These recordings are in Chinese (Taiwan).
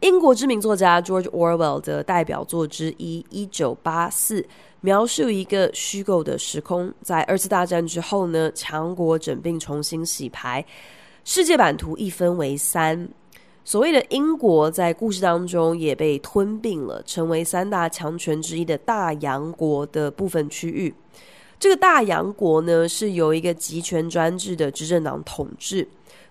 英國知名作家 George Orwell 的代表作之一《一九八四》，描述一個虛構的時空，在二次大戰之後呢，強國整併、重新洗牌，世界版圖一分為三。所謂的英國在故事當中也被吞併了，成為三大強權之一的大洋國的部分區域。這個大洋國呢，是由一個極權專制的執政黨統治。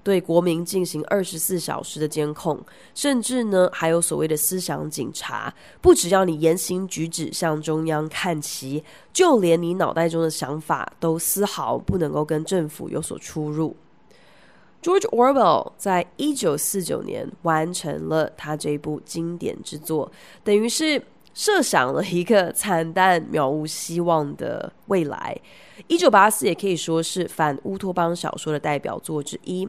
對國民進行二十四小時的監控，甚至呢還有所謂的思想警察，不只要你言行舉止向中央看齊，就連你腦袋中的想法都絲毫不能夠跟政府有所出入。George Orwell 在一九四九年完成了他這部經典之作，等於是設想了一個慘淡渺無希望的未來。一九八四也可以說是反烏托邦小說的代表作之一。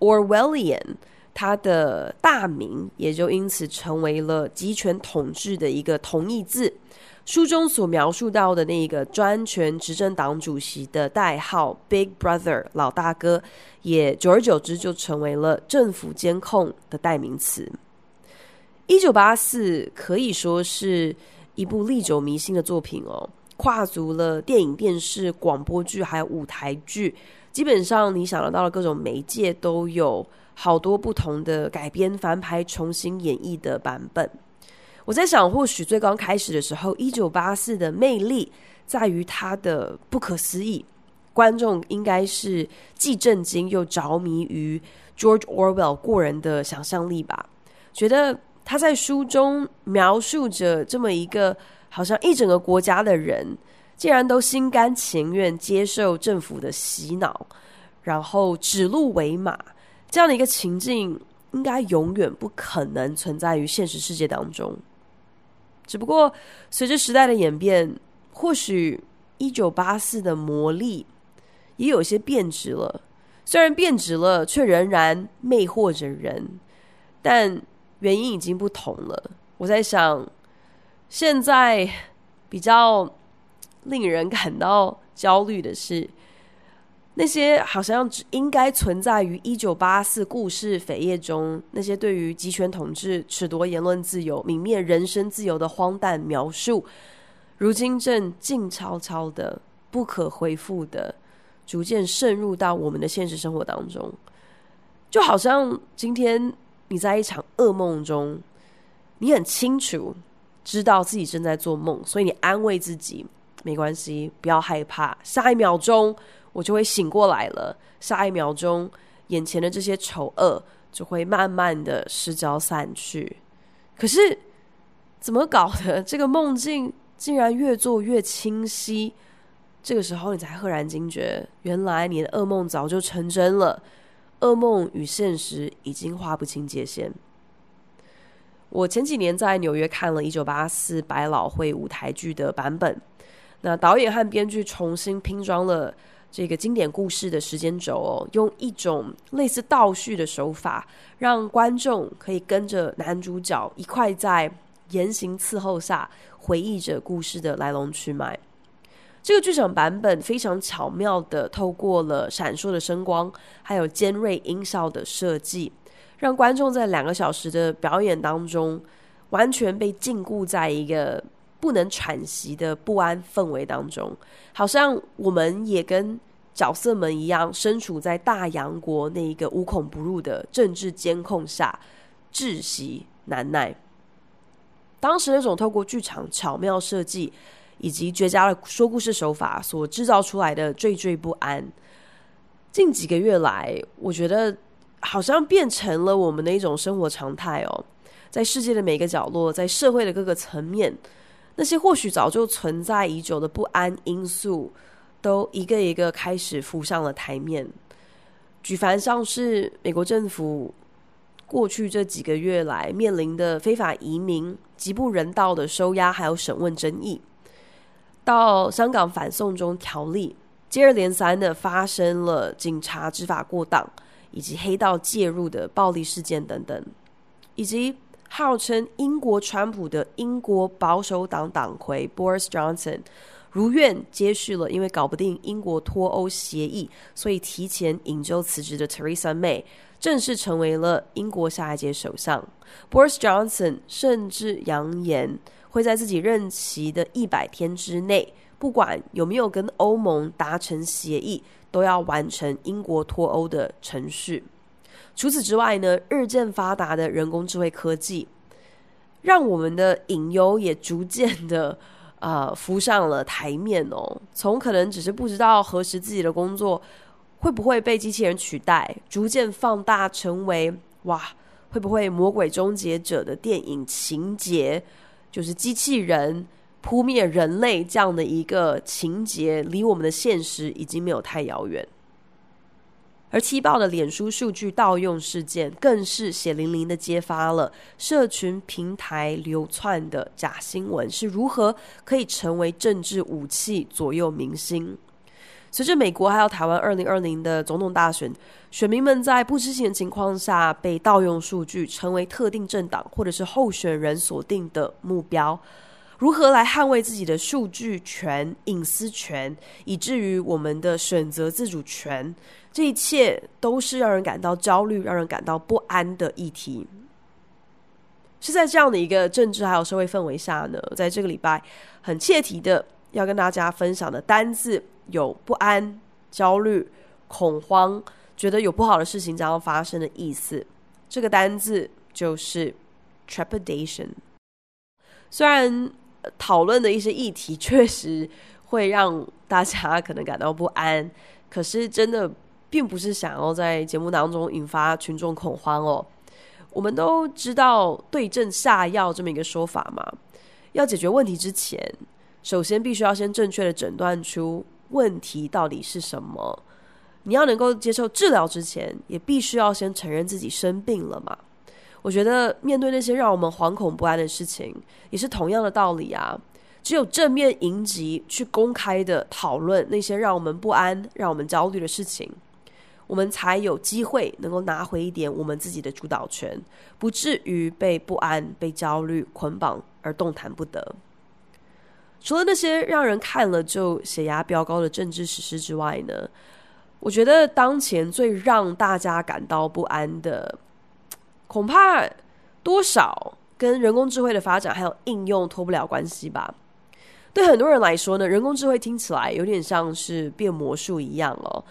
Orwellian，他的大名也就因此成為了集權統治的一個同義字。書中所描述到的那一個專權執政黨主席的代號 Big Brother 老大哥，也久而久之就成為了政府監控的代名詞。《一九八四》可以說是一部歷久彌新的作品哦，跨足了電影、電視、廣播劇還有舞台劇。基本上你想得到的各種媒介都有好多不同的改編、翻拍、重新演繹的版本。我在想，或許最剛開始的時候，《一九八四》的魅力在於它的不可思議，觀眾應該是既震驚又着迷於 George Orwell 過人的想象力吧，覺得他在書中描述着這麼一個好像一整個國家的人。既然都心甘情願接受政府的洗腦，然後指鹿為馬這樣的一個情境，應該永遠不可能存在於現實世界當中。只不過隨着時代的演變，或許《一九八四》的魔力也有一些變質了。雖然變質了，卻仍然魅惑着人，但原因已經不同了。我在想，現在比較令人感到焦慮的是，那些好像只應該存在於《一九八四》故事扉頁中，那些對於極權統治、褫奪言論自由、泯滅人身自由的荒誕描述，如今正靜悄悄的、不可恢復的，逐漸滲入到我們的現實生活當中。就好像今天你在一場噩夢中，你很清楚知道自己正在做夢，所以你安慰自己。沒關係，不要害怕。下一秒鐘，我就會醒過來了。下一秒鐘，眼前的這些醜惡就會慢慢的失焦散去。可是，怎麼搞的？這個夢境竟然越做越清晰。這個時候，你才赫然驚覺，原來你的噩夢早就成真了。噩夢與現實已經劃不清界限。我前幾年在紐約看了一九八四百老匯舞台劇的版本。那導演和編劇重新拼裝了這個經典故事的時間軸哦，用一種類似倒敘的手法，讓觀眾可以跟着男主角一塊在言行伺候下回憶着故事的來龍去脈。這個劇場版本非常巧妙的透過了閃爍的聲光，還有尖銳音效的設計，讓觀眾在兩個小時的表演當中，完全被禁錮在一個。不能喘息的不安氛圍當中，好像我們也跟角色們一樣，身處在大洋國那一個無孔不入的政治監控下，窒息難耐。當時那種透過劇場巧妙設計以及絕佳的說故事手法所製造出來的惴惴不安，近幾個月來，我覺得好像變成了我們的一種生活常態哦，在世界的每個角落，在社會的各個層面。那些或許早就存在已久的不安因素，都一個一個開始浮上了台面。舉凡像是美國政府過去這幾個月來面臨的非法移民、極不人道的收押，還有審問爭議；到香港反送中條例，接二連三的發生了警察執法過當，以及黑道介入的暴力事件等等，以及。號稱“英國川普”的英國保守黨黨魁 Boris Johnson 如願接續了因為搞不定英國脫歐協議，所以提前引咎辭職的 Theresa May，正式成為了英國下一屆首相。Boris Johnson 甚至揚言，會在自己任期的一百天之內，不管有沒有跟歐盟達成協議，都要完成英國脫歐的程序。除此之外呢，日漸發達的人工智慧科技，讓我們的隱憂也逐漸的啊、呃、浮上了檯面哦。從可能只是不知道何時自己的工作會不會被機器人取代，逐漸放大成為哇，會不會魔鬼終結者的電影情節，就是機器人撲滅人類這樣的一個情節，離我們的現實已經沒有太遙遠。而七報的臉書數據盜用事件，更是血淋淋的揭發了社群平台流竄的假新聞是如何可以成為政治武器，左右民心。隨着美國還有台灣二零二零的總統大選，選民們在不知情的情況下被盜用數據，成為特定政黨或者是候選人鎖定的目標。如何來捍衛自己的數據權、隱私權，以至於我們的選擇自主權？這一切都是讓人感到焦慮、讓人感到不安的議題，是在這樣的一個政治還有社會氛圍下呢，在這個禮拜很切題的要跟大家分享的單字有不安、焦慮、恐慌，覺得有不好的事情將要發生的意思。這個單字就是 trepidation。雖然、呃、討論的一些議題確實會讓大家可能感到不安，可是真的。並不是想要在節目當中引發群眾恐慌哦。我們都知道“對症下藥”這麼一個說法嘛。要解決問題之前，首先必須要先正確的診斷出問題到底是什麼。你要能夠接受治療之前，也必須要先承認自己生病了嘛。我覺得面對那些讓我們惶恐不安的事情，也是同樣的道理啊。只有正面迎擊，去公開的討論那些讓我們不安、讓我們焦慮的事情。我們才有機會能夠拿回一點我們自己的主導權，不至於被不安、被焦慮捆綁而動彈不得。除了那些讓人看了就血壓飆高的政治時事之外呢，我覺得當前最讓大家感到不安的，恐怕多少跟人工智慧的發展還有應用脫不了關係吧。對很多人來說呢，人工智慧聽起來有點像是變魔術一樣了、哦。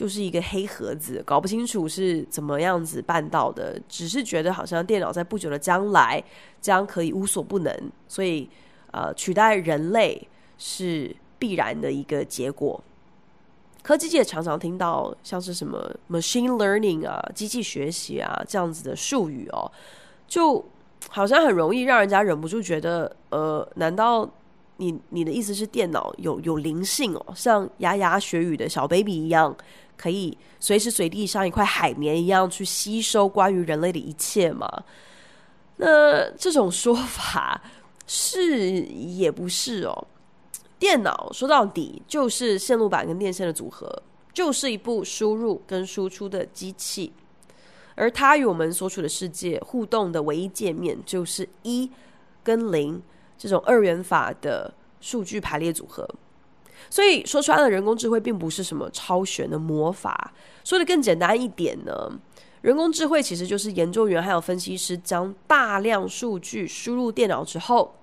就是一個黑盒子，搞不清楚是怎麼樣子辦到的，只是覺得好像電腦在不久的將來將可以無所不能，所以呃，取代人類是必然的一個結果。科技界常常聽到像是什麼 machine learning 啊、機器學習啊這樣子的術語哦，就好像很容易讓人家忍不住覺得，呃，難道你你的意思是電腦有有靈性哦，像牙牙學語的小 baby 一樣？可以隨時隨地像一塊海綿一樣去吸收關於人類的一切嗎？那這種說法是也不是哦？電腦說到底就是線路板跟電線的組合，就是一部輸入跟輸出的機器，而它與我們所處的世界互動的唯一界面就是一跟零這種二元法的數據排列組合。所以說穿了，人工智慧並不是什麼超玄的魔法。說的更簡單一點呢，人工智慧其實就是研究員還有分析師將大量數據輸入電腦之後，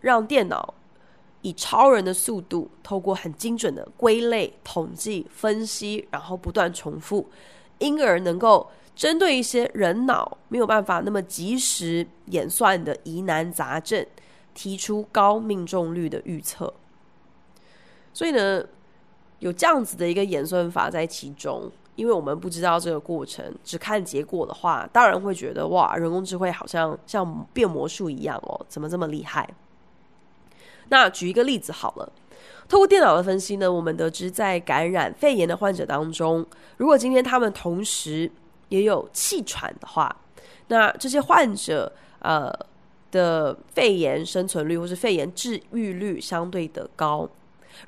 讓電腦以超人的速度，透過很精準的歸類、統計、分析，然後不斷重複，因而能夠針對一些人腦沒有辦法那麼及時演算的疑難雜症，提出高命中率的預測。所以呢，有這樣子的一個演算法，在其中，因為我們不知道這個過程，只看結果的話，當然會覺得哇，人工智慧好像像變魔術一樣哦，怎麼這麼厲害？那舉一個例子好了，透過電腦的分析呢，我們得知在感染肺炎的患者當中，如果今天他們同時也有氣喘的話，那這些患者呃的肺炎生存率或是肺炎治癒率相對的高。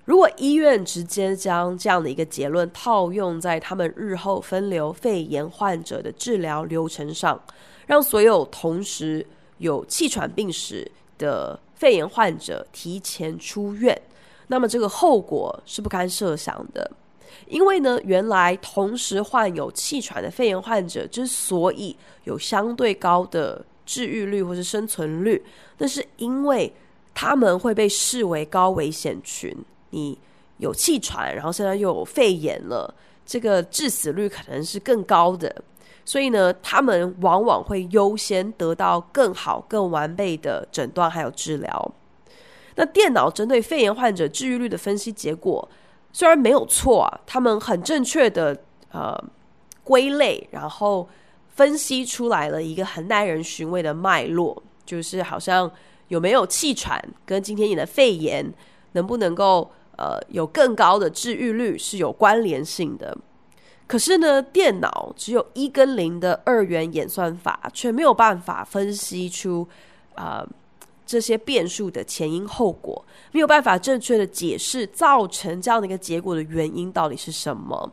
如果醫院直接將這樣的一個結論套用在他們日後分流肺炎患者的治療流程上，讓所有同時有氣喘病史的肺炎患者提前出院，那麼這個後果是不堪設想的。因為呢，原來同時患有氣喘的肺炎患者之所以有相對高的治癒率或是生存率，那是因為他們會被視為高危險群。你有氣喘，然後現在又有肺炎了，這個致死率可能是更高的。所以呢，他們往往會優先得到更好、更完備的診斷還有治療。那電腦針對肺炎患者治癒率的分析結果雖然沒有錯啊，他們很正確的呃歸類，然後分析出來了一個很耐人尋味的脈絡，就是好像有沒有氣喘跟今天你的肺炎能不能夠。呃，有更高的治癒率是有關聯性的。可是呢，電腦只有一跟零的二元演算法，卻沒有辦法分析出啊、呃、這些變數的前因後果，沒有辦法正確的解釋造成這樣的一個結果的原因到底是什麼。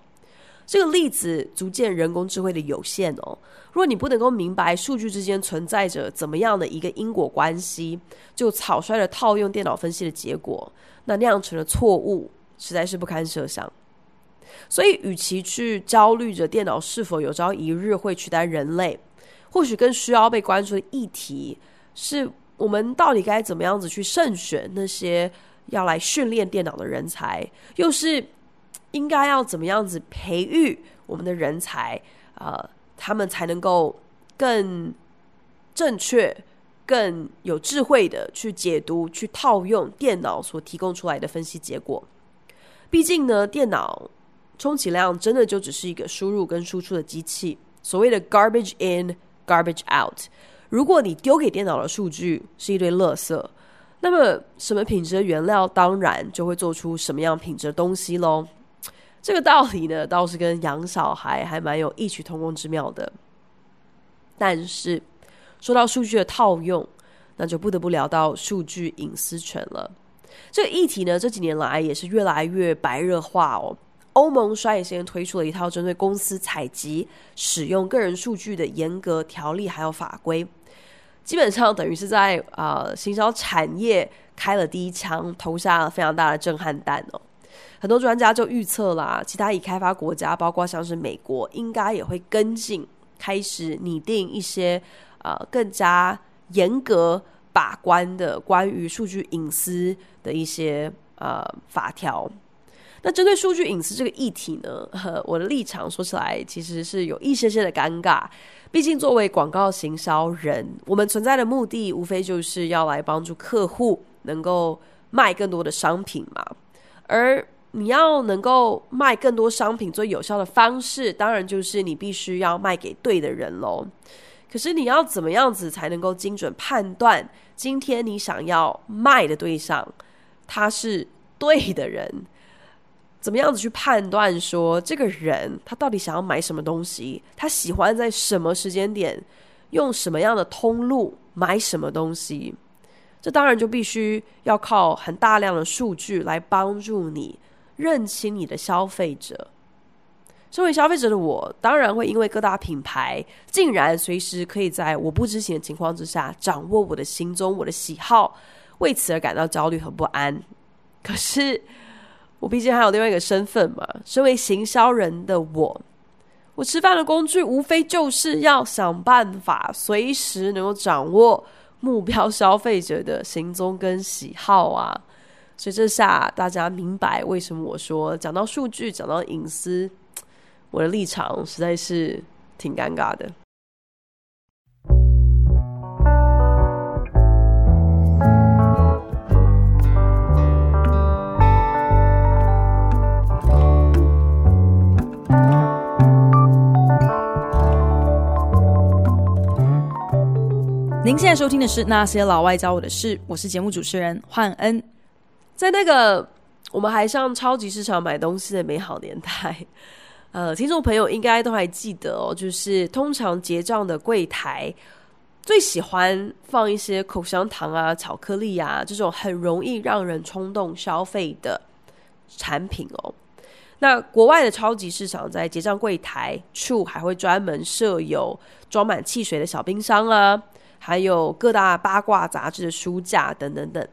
這個例子足見人工智慧的有限哦。如果你不能夠明白數據之間存在着怎麼樣的一個因果關係，就草率的套用電腦分析的結果，那釀成了錯誤，實在是不堪設想。所以，與其去焦慮着電腦是否有朝一日會取代人類，或許更需要被關注的議題是我們到底該怎麼樣子去慎選那些要來訓練電腦的人才，又是應該要怎麼樣子培育我們的人才啊、呃，他們才能夠更正確。更有智慧的去解讀、去套用電腦所提供出來的分析結果。畢竟呢，電腦充其量真的就只是一個輸入跟輸出的機器。所謂的 “garbage in, garbage out”，如果你丟給電腦的數據是一堆垃圾，那麼什麼品質的原料，當然就會做出什麼樣品質的東西咯。這個道理呢，倒是跟養小孩還蠻有異曲同工之妙的。但是，說到數據的套用，那就不得不聊到數據隱私權了。這個議題呢，這幾年來也是越來越白熱化哦。歐盟率先推出了一套針對公司採集、使用個人數據的嚴格條例還有法規，基本上等於是在啊、呃，行銷產業開了第一槍，投下了非常大的震撼彈哦。很多專家就預測啦，其他已開發國家，包括像是美國，應該也會跟進。開始擬定一些、呃、更加嚴格把關的關於數據隱私的一些啊、呃、法條。那針對數據隱私這個議題呢，我的立場說起來其實是有一些些的尷尬。畢竟作為廣告行銷人，我們存在的目的無非就是要來幫助客戶能夠賣更多的商品嘛，而。你要能夠賣更多商品，最有效的方式當然就是你必須要賣給對的人嘍。可是你要怎麼樣子才能夠精準判斷今天你想要賣的對象他是對的人？怎麼樣子去判斷說這個人他到底想要買什麼東西？他喜歡在什麼時間點用什麼樣的通路買什麼東西？這當然就必須要靠很大量的數據來幫助你。認清你的消費者，身為消費者的我，當然會因為各大品牌竟然隨時可以在我不知情的情況之下掌握我的行蹤、我的喜好，為此而感到焦慮和不安。可是，我畢竟還有另外一個身份嘛，身為行銷人的我，我吃飯的工具無非就是要想辦法隨時能夠掌握目標消費者的行蹤跟喜好啊。所以這下大家明白為什麼我說，講到數據，講到隱私，我的立場實在是挺尷尬的。您現在收聽的是《那些老外教我的事》，我是節目主持人煥恩。在那個我們還上超級市場買東西的美好年代，呃，聽眾朋友應該都還記得哦，就是通常結賬的櫃檯最喜歡放一些口香糖啊、巧克力啊這種很容易讓人衝動消費的產品哦。那國外的超級市場在結賬櫃檯處還會專門設有裝滿汽水的小冰箱啊，還有各大八卦雜誌的書架等等等。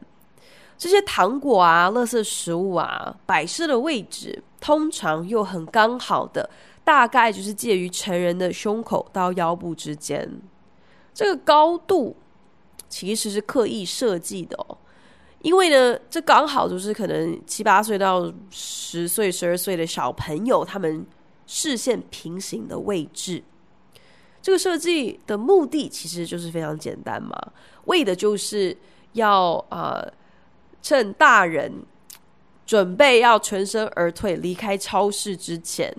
這些糖果啊、垃圾食物啊，擺設的位置通常又很剛好的，大概就是介於成人的胸口到腰部之間。這個高度其實是刻意設計的哦，因為呢，這剛好就是可能七八歲到十歲、十二歲的小朋友他們視線平行的位置。這個設計的目的其實就是非常簡單嘛，為的就是要啊。呃趁大人準備要全身而退離開超市之前，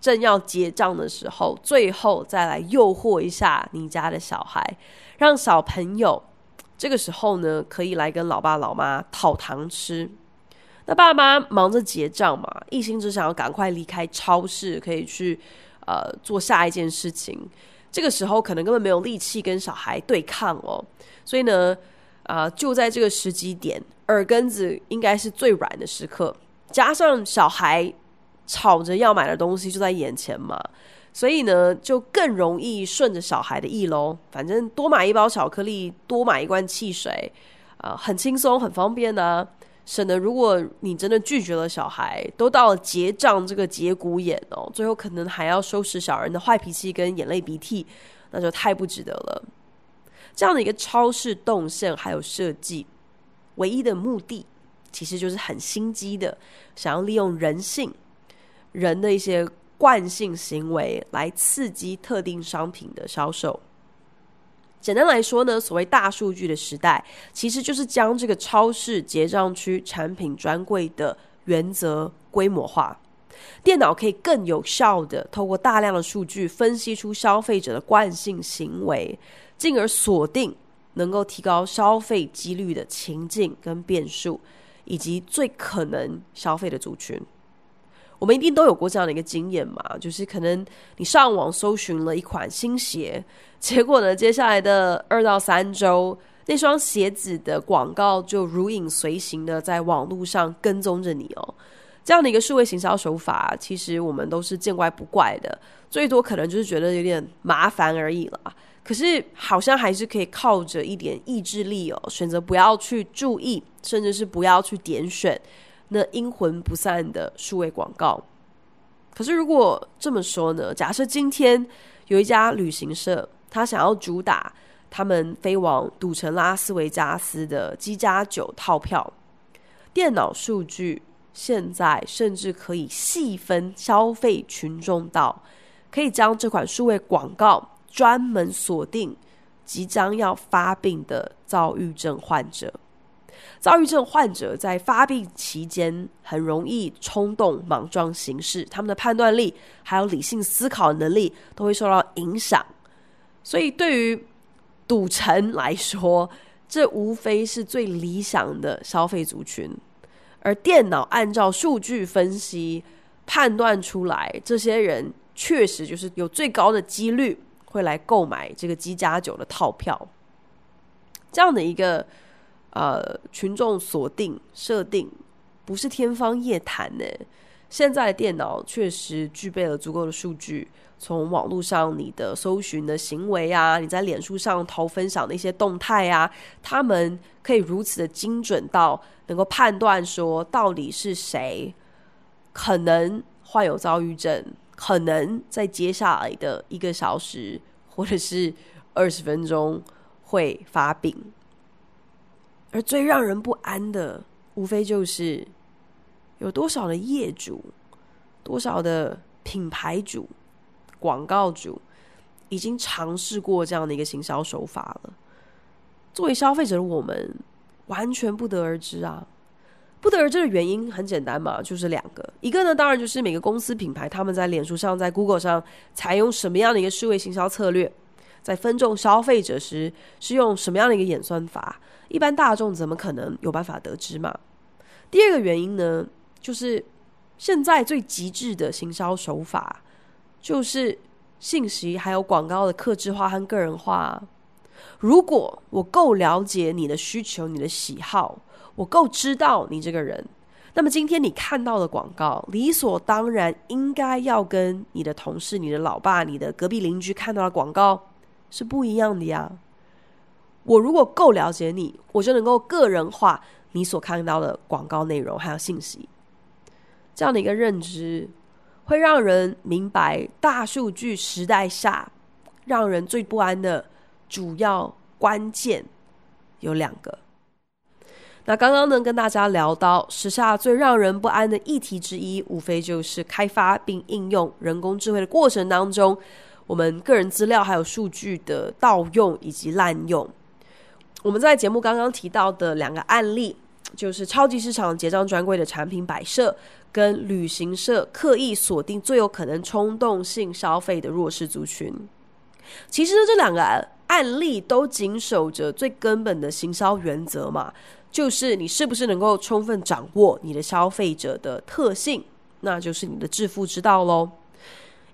正要結賬的時候，最後再來誘惑一下你家的小孩，讓小朋友這個時候呢，可以來跟老爸老媽討糖吃。那爸媽忙着結賬嘛，一心只想要趕快離開超市，可以去呃做下一件事情。這個時候可能根本沒有力氣跟小孩對抗哦，所以呢，啊，就在這個時機點。耳根子應該是最軟的時刻，加上小孩吵着要買的東西就在眼前嘛，所以呢就更容易順着小孩的意嘍。反正多買一包巧克力，多買一罐汽水，啊，呃，很輕鬆很方便呢，啊。省得如果你真的拒絕了小孩，都到了結賬這個節骨眼哦，最後可能還要收拾小人的壞脾氣跟眼淚鼻涕，那就太不值得了。這樣的一個超市動線還有設計。唯一的目的其實就是很心機的，想要利用人性、人的一些慣性行為來刺激特定商品的銷售。簡單來說呢，所謂大數據的時代，其實就是將這個超市結賬區、產品專櫃的原則規模化。電腦可以更有效地透過大量的數據分析出消費者的慣性行為，進而鎖定。能夠提高消費幾率的情境跟變數，以及最可能消費的族群。我們一定都有過這樣的一個經驗嘛，就是可能你上網搜尋了一款新鞋，結果呢，接下來的二到三週，那雙鞋子的廣告就如影隨形的在網絡上跟蹤着你哦。這樣的一個數位行銷手法，其實我們都是見怪不怪的，最多可能就是覺得有點麻煩而已了。可是，好像還是可以靠着一點意志力哦，選擇不要去注意，甚至是不要去點選那陰魂不散的數位廣告。可是，如果這麼說呢？假設今天有一家旅行社，他想要主打他們飛往賭城拉斯維加斯的機加酒套票，電腦數據現在甚至可以細分消費群眾到，到可以將這款數位廣告。專門鎖定即將要發病的躁鬱症患者，躁鬱症患者在發病期間很容易衝動、莽撞行事，他們的判斷力還有理性思考能力都會受到影響。所以，對於賭城來說，這無非是最理想的消費族群。而電腦按照數據分析判斷出來，這些人確實就是有最高的幾率。會來購買這個機加酒的套票，這樣的一個呃群眾鎖定設定不是天方夜譚呢？現在的電腦確實具備了足夠的數據，從網絡上你的搜尋的行為啊，你在臉書上投分享的一些動態啊，他們可以如此的精準到能夠判斷說，到底是誰可能患有躁鬱症。可能在接下來的一個小時或者是二十分鐘會發病，而最讓人不安的，無非就是有多少的業主、多少的品牌主、廣告主已經嘗試過這樣的一個行銷手法了。作為消費者的我們，完全不得而知啊。不得而知的原因很簡單嘛，就是兩個，一個呢，當然就是每個公司品牌他們在臉書上、在 Google 上採用什麼樣的一個數位行銷策略，在分眾消費者時是用什麼樣的一個演算法，一般大眾怎麼可能有辦法得知嘛？第二個原因呢，就是現在最極致的行銷手法，就是信息還有廣告的客製化和個人化。如果我夠了解你的需求、你的喜好，我夠知道你這個人，那麼今天你看到的廣告，理所當然應該要跟你的同事、你的老爸、你的隔壁鄰居看到的廣告是不一樣的呀。我如果夠了解你，我就能夠個人化你所看到的廣告內容還有信息。這樣的一個認知，會讓人明白大數據時代下，讓人最不安的。主要關鍵有兩個。那剛剛呢，跟大家聊到時下最讓人不安的議題之一，無非就是開發並應用人工智慧的過程當中，我們個人資料還有數據的盜用以及濫用。我們在節目剛剛提到的兩個案例，就是超級市場結賬專櫃的產品擺設，跟旅行社刻意鎖定最有可能衝動性消費的弱勢族群。其實呢，就這兩個案。案例都謹守着最根本的行銷原則嘛，就是你是不是能夠充分掌握你的消費者的特性，那就是你的致富之道嘍。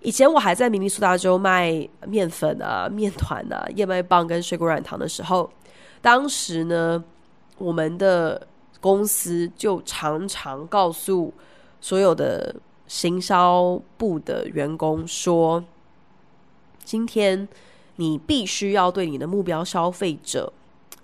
以前我還在明尼蘇達州賣麵粉啊、麵糰啊、燕麥棒跟水果軟糖的時候，當時呢，我們的公司就常常告訴所有的行銷部的員工說，今天。你必須要對你的目標消費者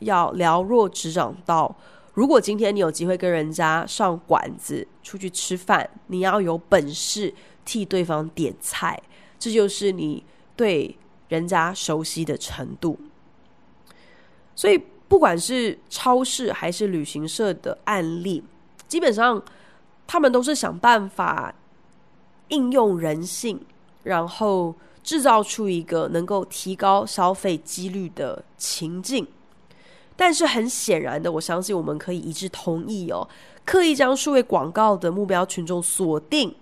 要了若指掌到，到如果今天你有機會跟人家上館子出去吃飯，你要有本事替對方點菜，這就是你對人家熟悉的程度。所以，不管是超市還是旅行社的案例，基本上他們都是想辦法應用人性，然後。製造出一個能夠提高消費幾率的情境，但是很顯然的，我相信我們可以一致同意哦。刻意將數位廣告的目標群眾鎖定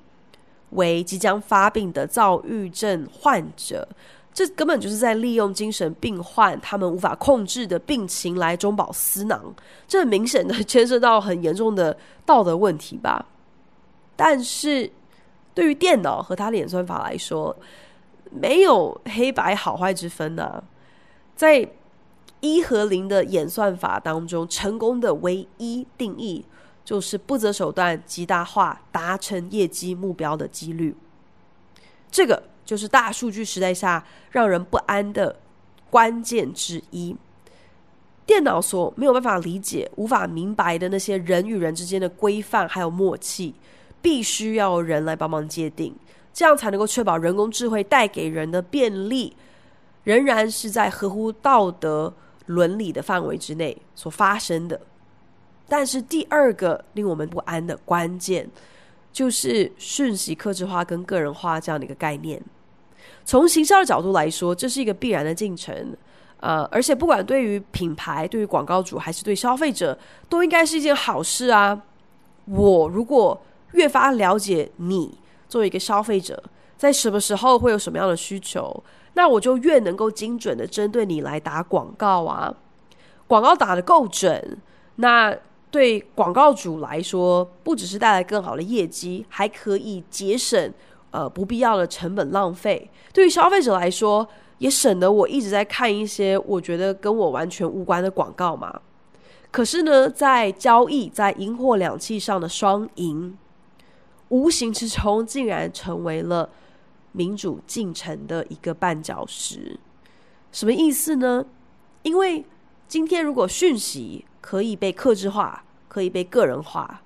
為即將發病的躁鬱症患者，這根本就是在利用精神病患他們無法控制的病情來中飽私囊，這很明顯的牽涉到很嚴重的道德問題吧？但是對於電腦和它的演算法來說，沒有黑白好壞之分的。啊、在一和零的演算法當中，成功的唯一定義就是不擇手段、極大化達成業績目標的幾率。這個就是大數據時代下讓人不安的關鍵之一。電腦所沒有辦法理解、無法明白的那些人與人之間的規範還有默契，必須要有人來幫忙界定。這樣才能夠確保人工智慧帶給人的便利，仍然是在合乎道德倫理的範圍之內所發生的。但是第二個令我們不安的關鍵，就是訊息客製化跟個人化這樣的一個概念。從行銷的角度來說，這是一個必然的進程。呃，而且不管對於品牌、對於廣告主，還是對消費者，都應該是一件好事啊。我如果越發了解你。作為一個消費者，在什麼時候會有什麼樣的需求？那我就越能夠精準的針對你來打廣告啊，廣告打得夠準，那對廣告主來說，不只是帶來更好的業績，還可以節省呃不必要的成本浪費。對於消費者來說，也省得我一直在看一些我覺得跟我完全無關的廣告嘛。可是呢，在交易，在銀貨兩訖上的雙贏。無形之中竟然成為了民主進程的一個絆腳石，什麼意思呢？因為今天如果訊息可以被客製化，可以被個人化，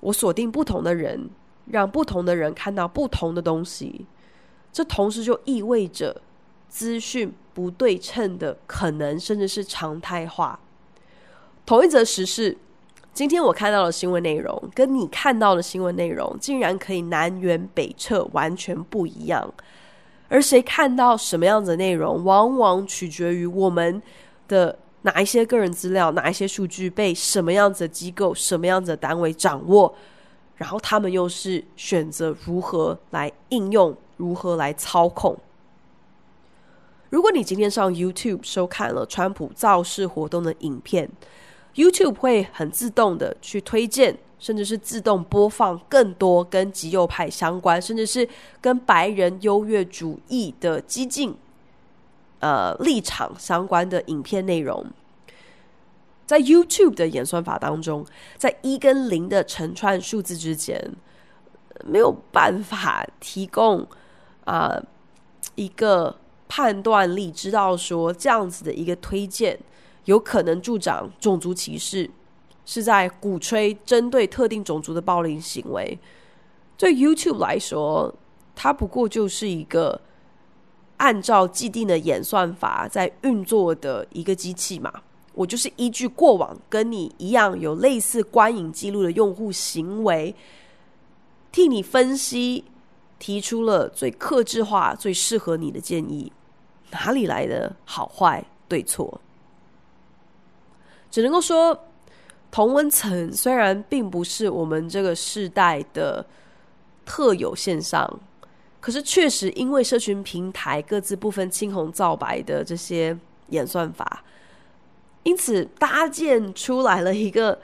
我鎖定不同的人，讓不同的人看到不同的東西，這同時就意味着資訊不對稱的可能，甚至是常態化。同一則時事，今天我看到的新聞內容，跟你看到的新聞內容竟然可以南轅北轍，完全不一樣。而誰看到什麼樣子的內容，往往取決於我們的哪一些個人資料，哪一些數據被什麼樣子的機構、什麼樣子的單位掌握，然後他們又是選擇如何來應用、如何來操控。如果你今天上 YouTube 收看了川普造勢活動的影片，YouTube 會很自動的去推薦，甚至是自動播放更多跟極右派相關，甚至是跟白人優越主義的激進呃立場相關的影片內容。在 YouTube 的演算法當中，在一跟零的成串數字之間，沒有辦法提供啊、呃、一個判斷力，知道說這樣子的一個推薦。有可能助長種族歧視，是在鼓吹針對特定種族的暴力行為。對 YouTube 來說，它不過就是一個按照既定的演算法在運作的一個機器嘛。我就是依據過往跟你一樣有類似觀影記錄的用戶行為，替你分析，提出了最客製化、最適合你的建議。哪裡來的好壞對錯？只能夠說，同溫層雖然並不是我們這個世代的特有現象，可是確實因為社群平台各自不分青紅皂白的這些演算法，因此搭建出來了一個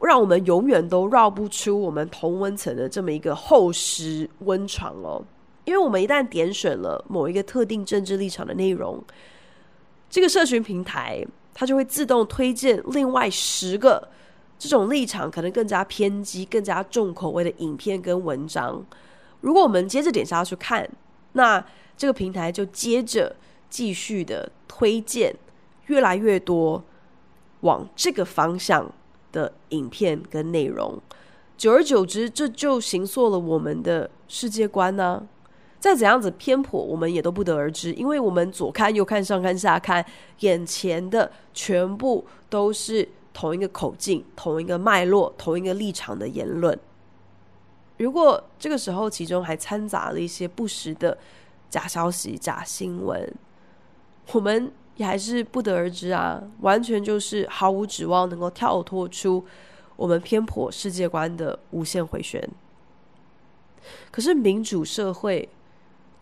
讓我們永遠都繞不出我們同溫層的這麼一個厚實溫床哦。因為我們一旦點選了某一個特定政治立場的內容，這個社群平台。它就會自動推薦另外十個這種立場可能更加偏激、更加重口味的影片跟文章。如果我們接着點下去看，那這個平台就接着繼續的推薦越來越多往這個方向的影片跟內容。久而久之，這就形成了我們的世界觀呢、啊？再怎樣子偏頗，我們也都不得而知，因為我們左看右看上看下看，眼前的全部都是同一個口徑、同一個脈絡、同一個立場的言論。如果這個時候其中還摻雜了一些不實的假消息、假新聞，我們也還是不得而知啊！完全就是毫無指望能夠跳脫出我們偏頗世界觀的無限回旋。可是民主社會。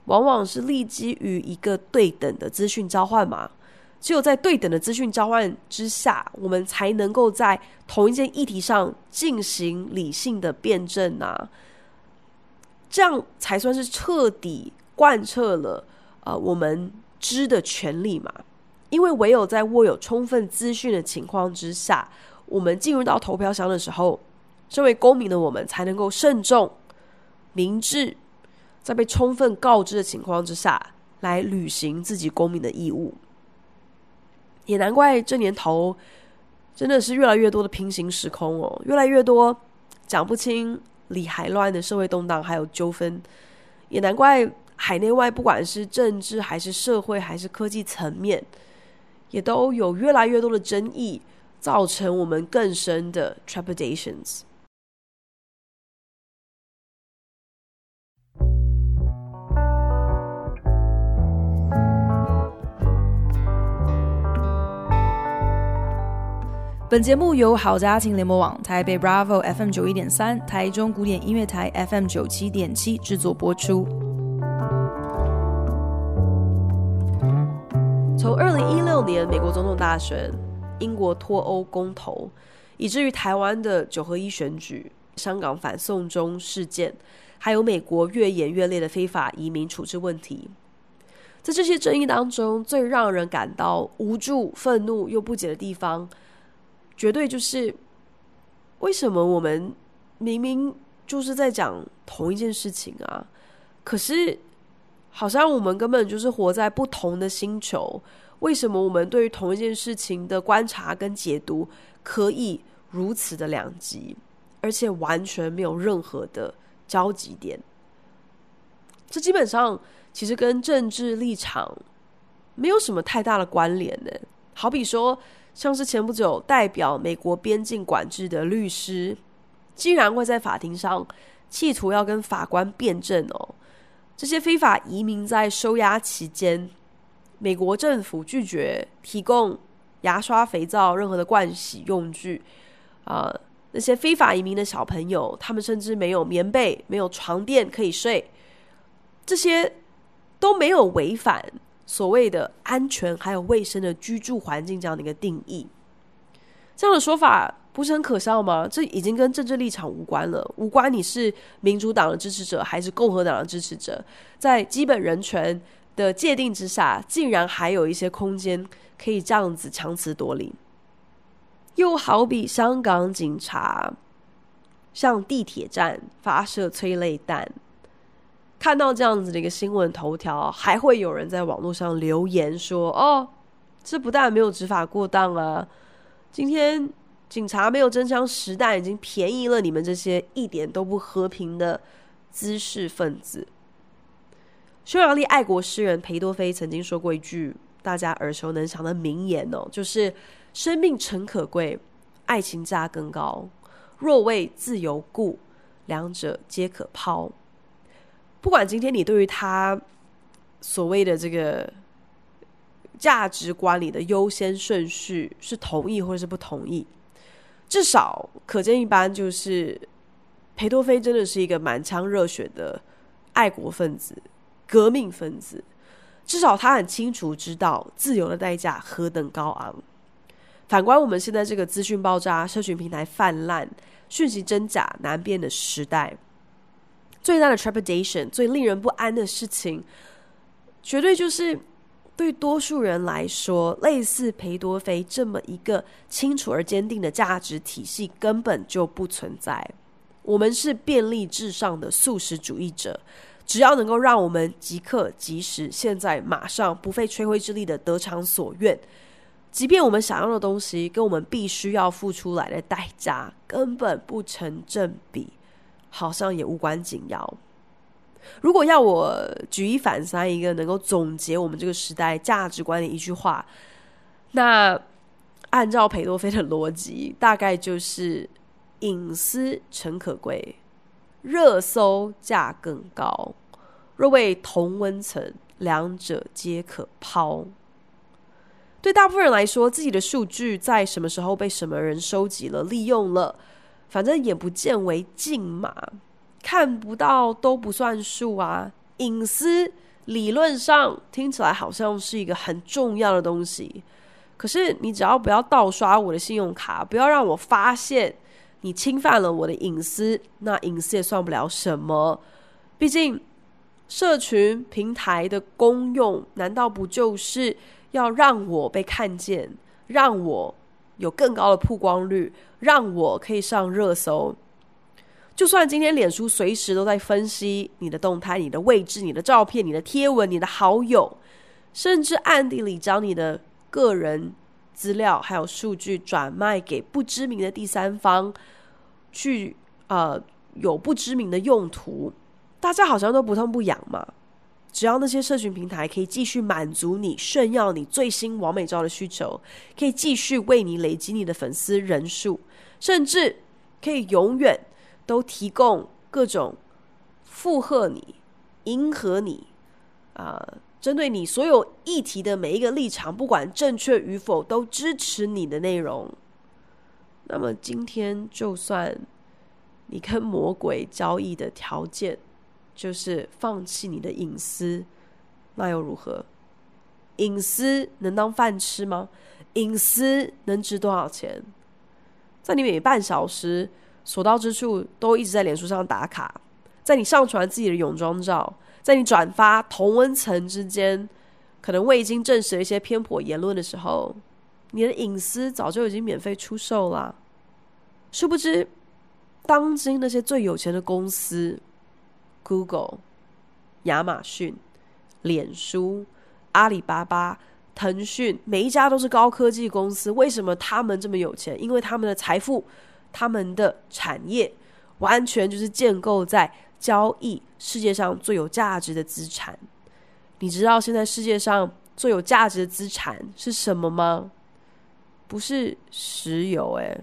往往是立基於一個對等的資訊交換嘛，只有在對等的資訊交換之下，我們才能夠在同一件議題上進行理性的辯證吶、啊，這樣才算是徹底貫徹了呃我們知的權利嘛，因為唯有在握有充分資訊的情況之下，我們進入到投票箱的時候，身為公民的我們才能夠慎重明智。在被充分告知的情況之下，來履行自己公民的義務，也難怪這年頭真的是越來越多的平行時空哦，越來越多講不清理還亂的社會動盪還有糾紛，也難怪海內外不管是政治還是社會還是科技層面，也都有越來越多的爭議，造成我們更深的 trepidations。本節目由好家庭聯播網、台北 Bravo FM 九一點三、台中古典音樂台 FM 九七點七製作播出。從二零一六年美國總統大選、英國脫歐公投，以至於台灣的九合一選舉、香港反送中事件，還有美國越演越烈的非法移民處置問題，在這些爭議當中，最讓人感到無助、憤怒又不解的地方。絕對就是，為什麼我們明明就是在講同一件事情啊？可是好像我們根本就是活在不同的星球。為什麼我們對於同一件事情的觀察跟解讀可以如此的兩極，而且完全沒有任何的交集點？這基本上其實跟政治立場沒有什麼太大的關聯呢、欸。好比說。像是前不久代表美國邊境管制的律師，竟然會在法庭上企圖要跟法官辯證哦，這些非法移民在收押期間，美國政府拒絕提供牙刷、肥皂、任何的盥洗用具啊、呃，那些非法移民的小朋友，他們甚至沒有棉被、沒有床墊可以睡，這些都沒有違反。所謂的安全還有衛生的居住環境這樣的一個定義，這樣的說法不是很可笑嗎？這已經跟政治立場無關了，無關你是民主黨的支持者還是共和黨的支持者，在基本人權的界定之下，竟然還有一些空間可以這樣子強詞奪理。又好比香港警察向地鐵站發射催淚彈。看到這樣子的一個新聞頭條，還會有人在網絡上留言說：“哦，這不但沒有執法過當啊，今天警察沒有真槍實彈，已經便宜了你們這些一點都不和平的知識分子。”匈牙利愛國詩人裴多菲曾經說過一句大家耳熟能詳的名言哦，就是“生命誠可貴，愛情價更高，若為自由故，兩者皆可拋。”不管今天你對於他所謂的這個價值觀裡的優先順序是同意或者是不同意，至少可見一斑，就是裴多菲真的是一個滿腔熱血的愛國分子、革命分子。至少他很清楚知道自由的代價何等高昂。反觀我們現在這個資訊爆炸、社群平台泛濫、訊息真假難辨的時代。最大的 trepidation，最令人不安的事情，絕對就是對多數人來說，類似裴多菲這麼一個清楚而堅定的價值體系根本就不存在。我們是便利至上的素食主義者，只要能夠讓我們即刻、即時、現在、馬上、不費吹灰之力的得償所願，即便我們想要的東西跟我們必須要付出來的代價根本不成正比。好像也無關緊要。如果要我舉一反三，一個能夠總結我們這個時代價值觀的一句話，那按照裴多菲的邏輯，大概就是隱私誠可貴，熱搜價更高。若為同溫層，兩者皆可拋。對大部分人來說，自己的數據在什麼時候被什麼人收集了、利用了？反正眼不見為淨嘛，看不到都不算數啊。隱私理論上聽起來好像是一個很重要的東西，可是你只要不要盜刷我的信用卡，不要讓我發現你侵犯了我的隱私，那隱私也算不了什麼。畢竟社群平台的功用，難道不就是要讓我被看見，讓我有更高的曝光率，讓我可以上熱搜。就算今天臉書隨時都在分析你的動態、你的位置、你的照片、你的貼文、你的好友，甚至暗地裡將你的個人資料還有數據轉賣給不知名的第三方，去啊、呃、有不知名的用途，大家好像都不痛不癢嘛。只要那些社群平台可以繼續滿足你炫耀你最新完美照的需求，可以繼續為你累積你的粉絲人數，甚至可以永遠都提供各種附和你、迎合你、啊、呃，針對你所有議題的每一個立場，不管正確與否都支持你的內容。那麼今天就算你跟魔鬼交易的條件。就是放棄你的隱私，那又如何？隱私能當飯吃嗎？隱私能值多少錢？在你每半小時所到之處都一直在臉書上打卡，在你上傳自己的泳裝照，在你轉發同溫層之間可能未經證實的一些偏頗言論的時候，你的隱私早就已經免費出售了。殊不知，當今那些最有錢的公司。Google、亞馬遜、臉書、阿里巴巴、騰訊、每一家都是高科技公司。為什麼他們這麼有錢？因為他們的財富、他們的產業，完全就是建構在交易世界上最有價值的資產。你知道現在世界上最有價值的資產是什麼嗎？不是石油，欸，哎，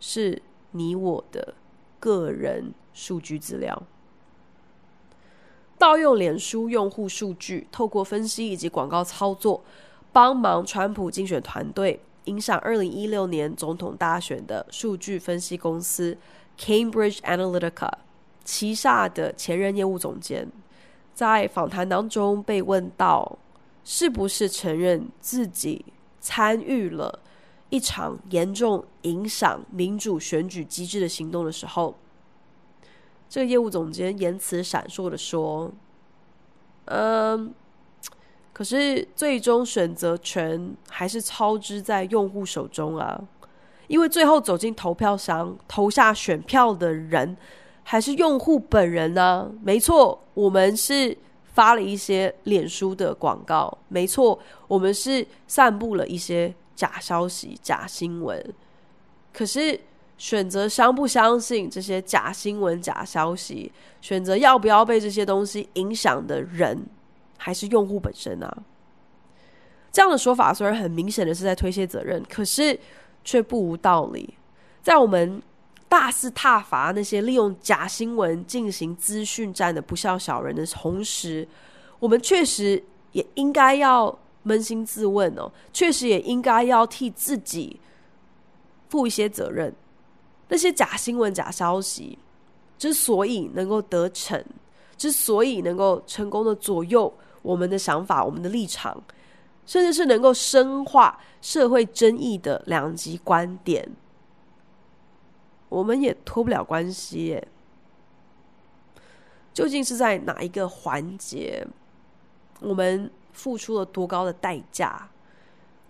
是你我的個人數據資料。盜用臉書用戶數據，透過分析以及廣告操作，幫忙川普競選團隊影響二零一六年總統大選的數據分析公司 Cambridge Analytica 旗下的前任業務總監，在訪談當中被問到是不是承認自己參與了一場嚴重影響民主選舉機制的行動的時候，這個業務總監言辭閃爍的說：“嗯，可是最終選擇權還是操之在用戶手中啊！因為最後走進投票箱投下選票的人還是用戶本人呢、啊。沒錯，我們是發了一些臉書的廣告，沒錯，我們是散布了一些假消息、假新聞，可是……”選擇相不相信這些假新聞、假消息，選擇要不要被這些東西影響的人，還是用戶本身啊？這樣的說法雖然很明顯的是在推卸責任，可是卻不無道理。在我們大肆撻伐那些利用假新聞進行資訊戰的不肖小人的同時，我們確實也應該要捫心自問哦，確實也應該要替自己負一些責任。那些假新聞、假消息之所以能夠得逞，之所以能夠成功的左右我們的想法、我們的立場，甚至是能夠深化社會爭議的兩極觀點，我們也脫不了關係耶。究竟是在哪一個環節，我們付出了多高的代價？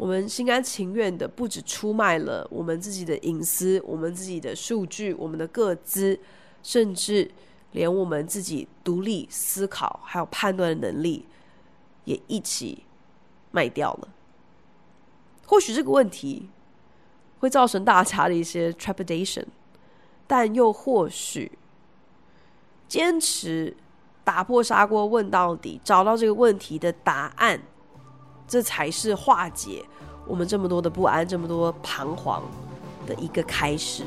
我們心甘情願的，不止出賣了我們自己的隱私、我們自己的數據、我們的個資，甚至連我們自己獨立思考還有判斷的能力，也一起賣掉了。或許這個問題會造成大家的一些 trepidation，但又或許堅持打破砂鍋問到底，找到這個問題的答案。這才是化解我們這麼多的不安、這麼多彷徨的一個開始。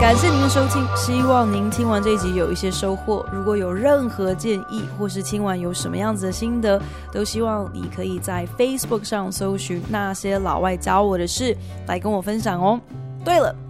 感謝您的收聽，希望您聽完這一集有一些收穫。如果有任何建議，或是聽完有什麼樣子的心得，都希望你可以在 Facebook 上搜尋那些老外教我的事，來跟我分享哦。對了。